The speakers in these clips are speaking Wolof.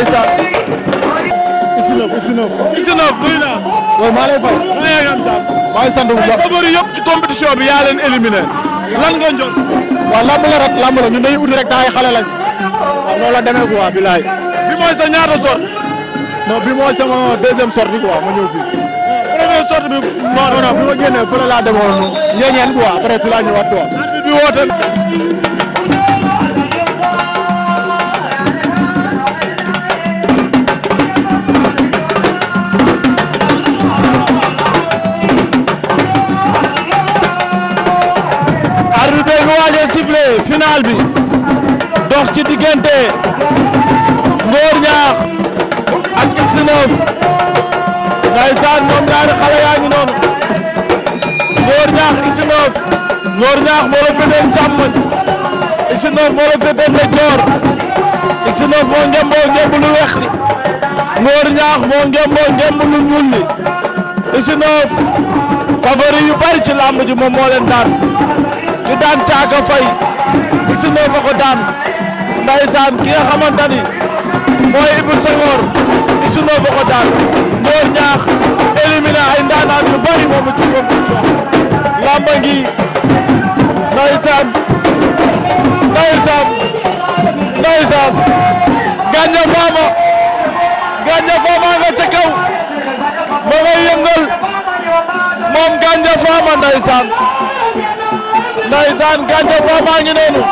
ndeysaan. X9 X9. X9 nuyu naa. waaw maa lay fay. maa ngi am jàmm. maa ngi sant bu baax favori yëpp ci compétition bi yaa leen éliminé. lan nga jot. waaw lamb la rek lamb la ñun dañuy ut rek temps ay xale lañ. waaw noonu la demee quoi bilaay. bi mooy sa ñaata sort. non bi mooy sama deuxième sortie quoi ma ñëw fii. première sortie bi. non non bi ma génnee fële laa demoon. ñeeñeen quoi après fii laa ñëwaat quoi. bi sifflé bi dox ci diggante Ngor Niakh ak X9 ndeysaan moom ñaari xale yaa ngi noonu Ngor Niakh X9 moo la féetee càmmoñ x moo la féetee ndeyjoor X9 moo ngemboo ngemb lu weex li Ngor moo ngemboo ngemb lu ñuul li favori yu bari ci làmb ji moom moo leen daan ñu daan Caaka Fay bisim la fa ko daan ndaysaan ki nga xamante ni mooy Ibou Senghor bisim la fa ko daan Ngor ñaax éliminer ay ndaanaan yu bari moomu ci compétition lamba ngi ndaysaan ndaysaan ndaysaan gànja faama gànja faama nga ca kaw ma ngay yëngal moom gànja faama ndaysaan Ndeysaan Gandia Fama ngi noonu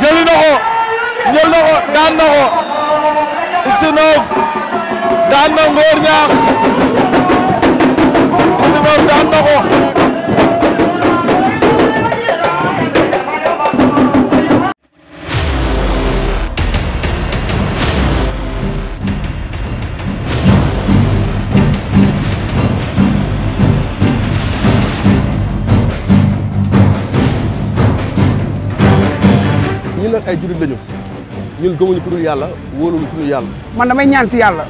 jëli na ko jël na ko daan na ko X9 daan na Ngor Ñaax X9 daan na ko nag ay ñun gëmuñu ku yàlla wóoluñu ku dul yàlla. man ñaan si yàlla.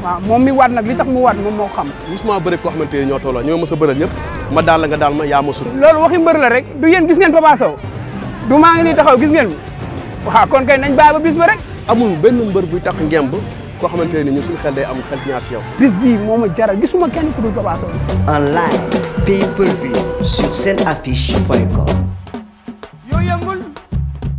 waaw moom mi waat nag li tax mu waat moom moo xam. musuma bëri koo xamante ne ñoo tolloo ñoo mës a bëral ñëpp ma daal la nga daal ma yaa ma sut. loolu waxi mbër la rek du yéen gis ngeen Papa Sow du maa ngi nii taxaw gis ngeen waaw kon kay nañ bàyyi ba bis ba rek. amul benn mbër buy tax ngemb koo xamante ne ñun suñu xel day am xel ñaar si yow. bis bii moo ma jaral gisuma kenn ku dul Papa Sow. en live pay per view sur seen affiche point com.